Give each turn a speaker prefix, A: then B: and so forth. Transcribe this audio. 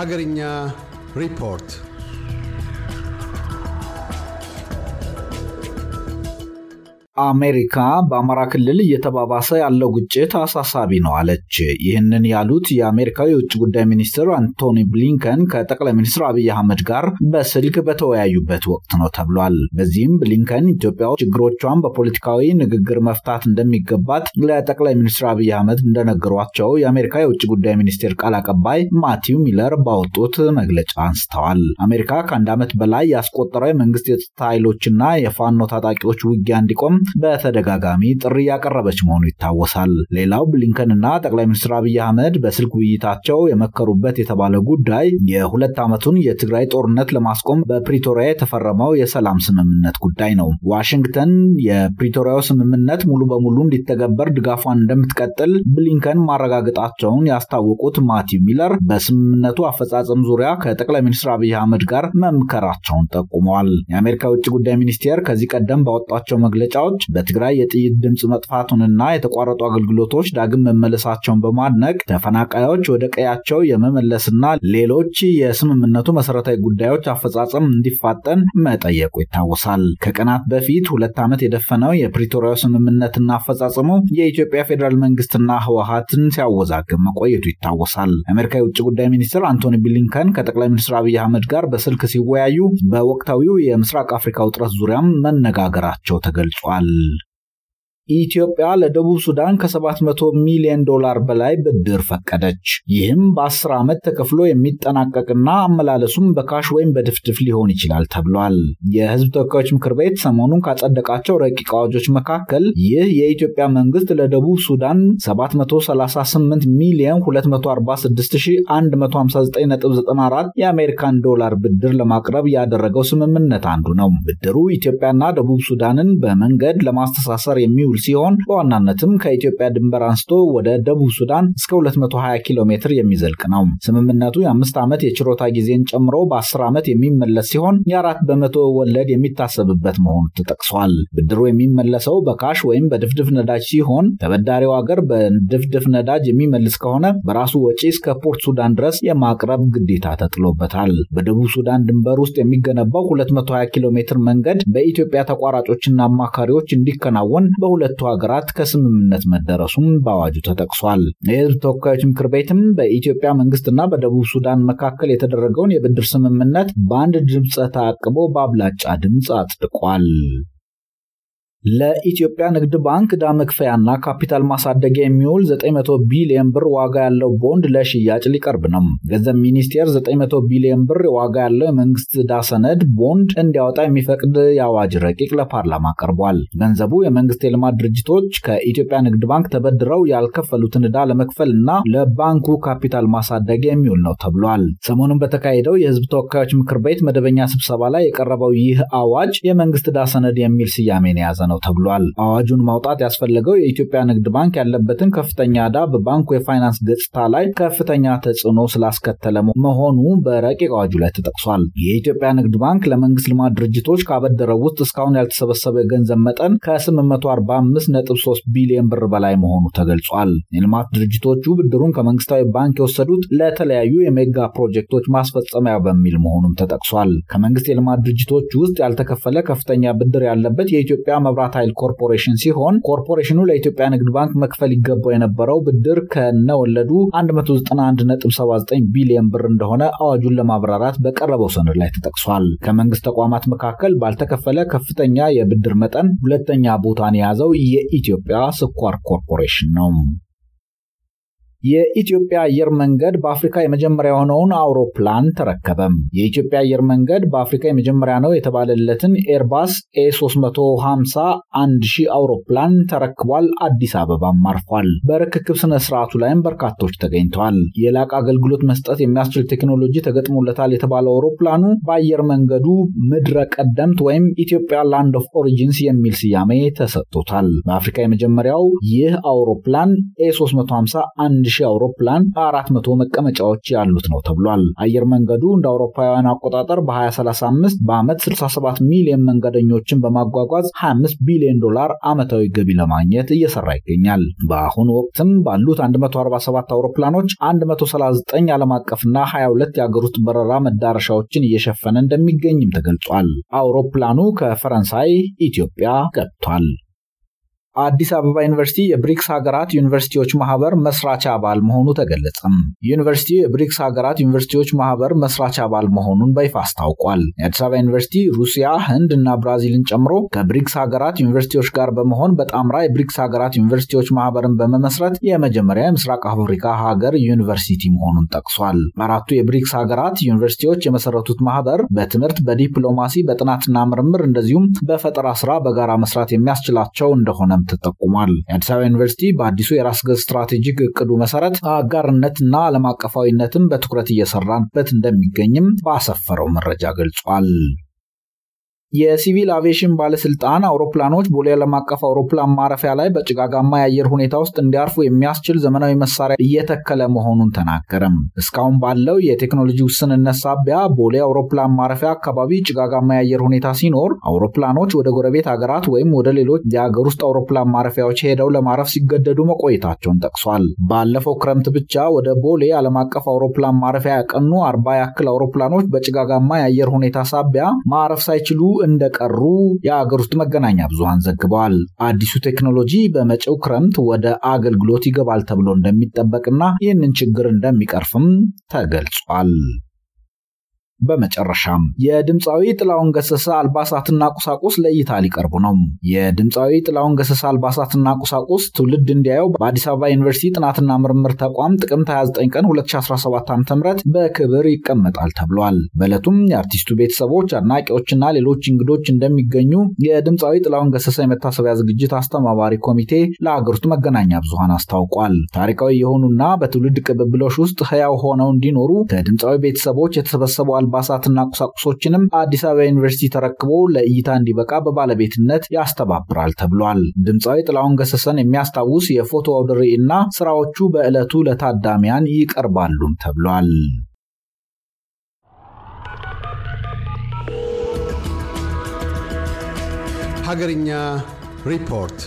A: Hagarinya Report አሜሪካ በአማራ ክልል እየተባባሰ ያለው ግጭት አሳሳቢ ነው አለች። ይህንን ያሉት የአሜሪካው የውጭ ጉዳይ ሚኒስትር አንቶኒ ብሊንከን ከጠቅላይ ሚኒስትር አብይ አህመድ ጋር በስልክ በተወያዩበት ወቅት ነው ተብሏል። በዚህም ብሊንከን ኢትዮጵያ ችግሮቿን በፖለቲካዊ ንግግር መፍታት እንደሚገባት ለጠቅላይ ሚኒስትር አብይ አህመድ እንደነገሯቸው የአሜሪካ የውጭ ጉዳይ ሚኒስቴር ቃል አቀባይ ማቲው ሚለር ባወጡት መግለጫ አንስተዋል። አሜሪካ ከአንድ ዓመት በላይ ያስቆጠረው የመንግስት የጸጥታ ኃይሎችና የፋኖ ታጣቂዎች ውጊያ እንዲቆም በተደጋጋሚ ጥሪ ያቀረበች መሆኑ ይታወሳል። ሌላው ብሊንከንና ጠቅላይ ሚኒስትር አብይ አህመድ በስልክ ውይይታቸው የመከሩበት የተባለ ጉዳይ የሁለት ዓመቱን የትግራይ ጦርነት ለማስቆም በፕሪቶሪያ የተፈረመው የሰላም ስምምነት ጉዳይ ነው። ዋሽንግተን የፕሪቶሪያው ስምምነት ሙሉ በሙሉ እንዲተገበር ድጋፏን እንደምትቀጥል ብሊንከን ማረጋገጣቸውን ያስታወቁት ማቲው ሚለር በስምምነቱ አፈጻጸም ዙሪያ ከጠቅላይ ሚኒስትር አብይ አህመድ ጋር መምከራቸውን ጠቁመዋል። የአሜሪካ የውጭ ጉዳይ ሚኒስቴር ከዚህ ቀደም ባወጣቸው መግለጫው ሁኔታዎች በትግራይ የጥይት ድምፅ መጥፋቱንና የተቋረጡ አገልግሎቶች ዳግም መመለሳቸውን በማድነቅ ተፈናቃዮች ወደ ቀያቸው የመመለስና ሌሎች የስምምነቱ መሰረታዊ ጉዳዮች አፈጻጸም እንዲፋጠን መጠየቁ ይታወሳል። ከቀናት በፊት ሁለት ዓመት የደፈነው የፕሪቶሪያው ስምምነትና አፈጻጸሙ የኢትዮጵያ ፌዴራል መንግስትና ህወሀትን ሲያወዛግብ መቆየቱ ይታወሳል። የአሜሪካ የውጭ ጉዳይ ሚኒስትር አንቶኒ ብሊንከን ከጠቅላይ ሚኒስትር አብይ አህመድ ጋር በስልክ ሲወያዩ በወቅታዊው የምስራቅ አፍሪካ ውጥረት ዙሪያም መነጋገራቸው ተገልጿል። al ኢትዮጵያ ለደቡብ ሱዳን ከ700 ሚሊዮን ዶላር በላይ ብድር ፈቀደች። ይህም በ10 ዓመት ተከፍሎ የሚጠናቀቅና አመላለሱም በካሽ ወይም በድፍድፍ ሊሆን ይችላል ተብሏል። የህዝብ ተወካዮች ምክር ቤት ሰሞኑን ካጸደቃቸው ረቂቅ አዋጆች መካከል ይህ የኢትዮጵያ መንግስት ለደቡብ ሱዳን 738 ሚሊዮን 246159.94 የአሜሪካን ዶላር ብድር ለማቅረብ ያደረገው ስምምነት አንዱ ነው። ብድሩ ኢትዮጵያና ደቡብ ሱዳንን በመንገድ ለማስተሳሰር የሚውል ሲሆን በዋናነትም ከኢትዮጵያ ድንበር አንስቶ ወደ ደቡብ ሱዳን እስከ 220 ኪሎ ሜትር የሚዘልቅ ነው። ስምምነቱ የአምስት ዓመት የችሮታ ጊዜን ጨምሮ በ10 ዓመት የሚመለስ ሲሆን የአራት በመቶ ወለድ የሚታሰብበት መሆኑ ተጠቅሷል። ብድሩ የሚመለሰው በካሽ ወይም በድፍድፍ ነዳጅ ሲሆን ተበዳሪው ሀገር በድፍድፍ ነዳጅ የሚመልስ ከሆነ በራሱ ወጪ እስከ ፖርት ሱዳን ድረስ የማቅረብ ግዴታ ተጥሎበታል። በደቡብ ሱዳን ድንበር ውስጥ የሚገነባው 220 ኪሎ ሜትር መንገድ በኢትዮጵያ ተቋራጮችና አማካሪዎች እንዲከናወን በሁለ ሁለቱ ሀገራት ከስምምነት መደረሱም በአዋጁ ተጠቅሷል። የህዝብ ተወካዮች ምክር ቤትም በኢትዮጵያ መንግስትና በደቡብ ሱዳን መካከል የተደረገውን የብድር ስምምነት በአንድ ድምፀ ተአቅቦ በአብላጫ ድምፅ አጽድቋል። ለኢትዮጵያ ንግድ ባንክ ዕዳ መክፈያና ካፒታል ማሳደጊያ የሚውል 900 ቢሊዮን ብር ዋጋ ያለው ቦንድ ለሽያጭ ሊቀርብ ነው። ገንዘብ ሚኒስቴር 900 ቢሊዮን ብር ዋጋ ያለው የመንግስት ዕዳ ሰነድ ቦንድ እንዲያወጣ የሚፈቅድ የአዋጅ ረቂቅ ለፓርላማ ቀርቧል። ገንዘቡ የመንግስት የልማት ድርጅቶች ከኢትዮጵያ ንግድ ባንክ ተበድረው ያልከፈሉትን ዕዳ ለመክፈል እና ለባንኩ ካፒታል ማሳደጊያ የሚውል ነው ተብሏል። ሰሞኑን በተካሄደው የህዝብ ተወካዮች ምክር ቤት መደበኛ ስብሰባ ላይ የቀረበው ይህ አዋጅ የመንግስት ዕዳ ሰነድ የሚል ስያሜን የያዘ ነው። ነው ተብሏል። አዋጁን ማውጣት ያስፈለገው የኢትዮጵያ ንግድ ባንክ ያለበትን ከፍተኛ ዕዳ በባንኩ የፋይናንስ ገጽታ ላይ ከፍተኛ ተጽዕኖ ስላስከተለ መሆኑ በረቂቅ አዋጁ ላይ ተጠቅሷል። የኢትዮጵያ ንግድ ባንክ ለመንግስት ልማት ድርጅቶች ካበደረው ውስጥ እስካሁን ያልተሰበሰበ የገንዘብ መጠን ከ845.3 ቢሊዮን ብር በላይ መሆኑ ተገልጿል። የልማት ድርጅቶቹ ብድሩን ከመንግስታዊ ባንክ የወሰዱት ለተለያዩ የሜጋ ፕሮጀክቶች ማስፈጸሚያ በሚል መሆኑም ተጠቅሷል። ከመንግስት የልማት ድርጅቶች ውስጥ ያልተከፈለ ከፍተኛ ብድር ያለበት የኢትዮጵያ መብ መብራት ኃይል ኮርፖሬሽን ሲሆን ኮርፖሬሽኑ ለኢትዮጵያ ንግድ ባንክ መክፈል ይገባው የነበረው ብድር ከነወለዱ 191.79 ቢሊዮን ብር እንደሆነ አዋጁን ለማብራራት በቀረበው ሰነድ ላይ ተጠቅሷል። ከመንግስት ተቋማት መካከል ባልተከፈለ ከፍተኛ የብድር መጠን ሁለተኛ ቦታን የያዘው የኢትዮጵያ ስኳር ኮርፖሬሽን ነው። የኢትዮጵያ አየር መንገድ በአፍሪካ የመጀመሪያ የሆነውን አውሮፕላን ተረከበም። የኢትዮጵያ አየር መንገድ በአፍሪካ የመጀመሪያ ነው የተባለለትን ኤርባስ ኤ350 1000 አውሮፕላን ተረክቧል። አዲስ አበባም አርፏል። በርክክብ ስነ ስርዓቱ ላይም በርካቶች ተገኝተዋል። የላቀ አገልግሎት መስጠት የሚያስችል ቴክኖሎጂ ተገጥሞለታል የተባለው አውሮፕላኑ በአየር መንገዱ ምድረ ቀደምት ወይም ኢትዮጵያ ላንድ ኦፍ ኦሪጂንስ የሚል ስያሜ ተሰጥቶታል። በአፍሪካ የመጀመሪያው ይህ አውሮፕላን ኤ350 ሺህ አውሮፕላን በ400 መቀመጫዎች ያሉት ነው ተብሏል። አየር መንገዱ እንደ አውሮፓውያን አቆጣጠር በ2035 በዓመት 67 ሚሊዮን መንገደኞችን በማጓጓዝ 25 ቢሊዮን ዶላር ዓመታዊ ገቢ ለማግኘት እየሰራ ይገኛል። በአሁኑ ወቅትም ባሉት 147 አውሮፕላኖች 139 ዓለም አቀፍና 22 የአገር ውስጥ በረራ መዳረሻዎችን እየሸፈነ እንደሚገኝም ተገልጿል። አውሮፕላኑ ከፈረንሳይ ኢትዮጵያ ገብቷል። አዲስ አበባ ዩኒቨርሲቲ የብሪክስ ሀገራት ዩኒቨርሲቲዎች ማህበር መስራች አባል መሆኑ ተገለጸም። ዩኒቨርሲቲ የብሪክስ ሀገራት ዩኒቨርሲቲዎች ማህበር መስራች አባል መሆኑን በይፋ አስታውቋል። የአዲስ አበባ ዩኒቨርሲቲ ሩሲያ፣ ህንድ እና ብራዚልን ጨምሮ ከብሪክስ ሀገራት ዩኒቨርሲቲዎች ጋር በመሆን በጣምራ የብሪክስ ሀገራት ዩኒቨርሲቲዎች ማህበርን በመመስረት የመጀመሪያ የምስራቅ አፍሪካ ሀገር ዩኒቨርሲቲ መሆኑን ጠቅሷል። በአራቱ የብሪክስ ሀገራት ዩኒቨርሲቲዎች የመሰረቱት ማህበር በትምህርት፣ በዲፕሎማሲ፣ በጥናትና ምርምር እንደዚሁም በፈጠራ ስራ በጋራ መስራት የሚያስችላቸው እንደሆነ እንደሆነም ተጠቁሟል። የአዲስ አበባ ዩኒቨርሲቲ በአዲሱ የራስ ገዝ ስትራቴጂክ እቅዱ መሰረት አጋርነትና ዓለም አቀፋዊነትን በትኩረት እየሰራንበት እንደሚገኝም ባሰፈረው መረጃ ገልጿል። የሲቪል አቪዬሽን ባለስልጣን አውሮፕላኖች ቦሌ ዓለም አቀፍ አውሮፕላን ማረፊያ ላይ በጭጋጋማ የአየር ሁኔታ ውስጥ እንዲያርፉ የሚያስችል ዘመናዊ መሳሪያ እየተከለ መሆኑን ተናገረም። እስካሁን ባለው የቴክኖሎጂ ውስንነት ሳቢያ ቦሌ አውሮፕላን ማረፊያ አካባቢ ጭጋጋማ የአየር ሁኔታ ሲኖር አውሮፕላኖች ወደ ጎረቤት ሀገራት ወይም ወደ ሌሎች የሀገር ውስጥ አውሮፕላን ማረፊያዎች ሄደው ለማረፍ ሲገደዱ መቆየታቸውን ጠቅሷል። ባለፈው ክረምት ብቻ ወደ ቦሌ ዓለም አቀፍ አውሮፕላን ማረፊያ ያቀኑ አርባ ያክል አውሮፕላኖች በጭጋጋማ የአየር ሁኔታ ሳቢያ ማረፍ ሳይችሉ እንደቀሩ የአገር ውስጥ መገናኛ ብዙሃን ዘግበዋል። አዲሱ ቴክኖሎጂ በመጪው ክረምት ወደ አገልግሎት ይገባል ተብሎ እንደሚጠበቅና ይህንን ችግር እንደሚቀርፍም ተገልጿል። በመጨረሻም የድምፃዊ ጥላሁን ገሰሰ አልባሳትና ቁሳቁስ ለእይታ ሊቀርቡ ነው። የድምፃዊ ጥላሁን ገሰሰ አልባሳትና ቁሳቁስ ትውልድ እንዲያየው በአዲስ አበባ ዩኒቨርሲቲ ጥናትና ምርምር ተቋም ጥቅምት 29 ቀን 2017 ዓ.ም በክብር ይቀመጣል ተብሏል። በዕለቱም የአርቲስቱ ቤተሰቦች፣ አድናቂዎችና ሌሎች እንግዶች እንደሚገኙ የድምፃዊ ጥላሁን ገሰሰ የመታሰቢያ ዝግጅት አስተባባሪ ኮሚቴ ለአገሪቱ መገናኛ ብዙሃን አስታውቋል። ታሪካዊ የሆኑና በትውልድ ቅብብሎች ውስጥ ህያው ሆነው እንዲኖሩ ከድምፃዊ ቤተሰቦች የተሰበሰበው አልባሳትና ቁሳቁሶችንም አዲስ አበባ ዩኒቨርሲቲ ተረክቦ ለእይታ እንዲበቃ በባለቤትነት ያስተባብራል ተብሏል። ድምፃዊ ጥላሁን ገሰሰን የሚያስታውስ የፎቶ አውደ ርዕይ እና ስራዎቹ በዕለቱ ለታዳሚያን ይቀርባሉም ተብሏል። ሀገርኛ ሪፖርት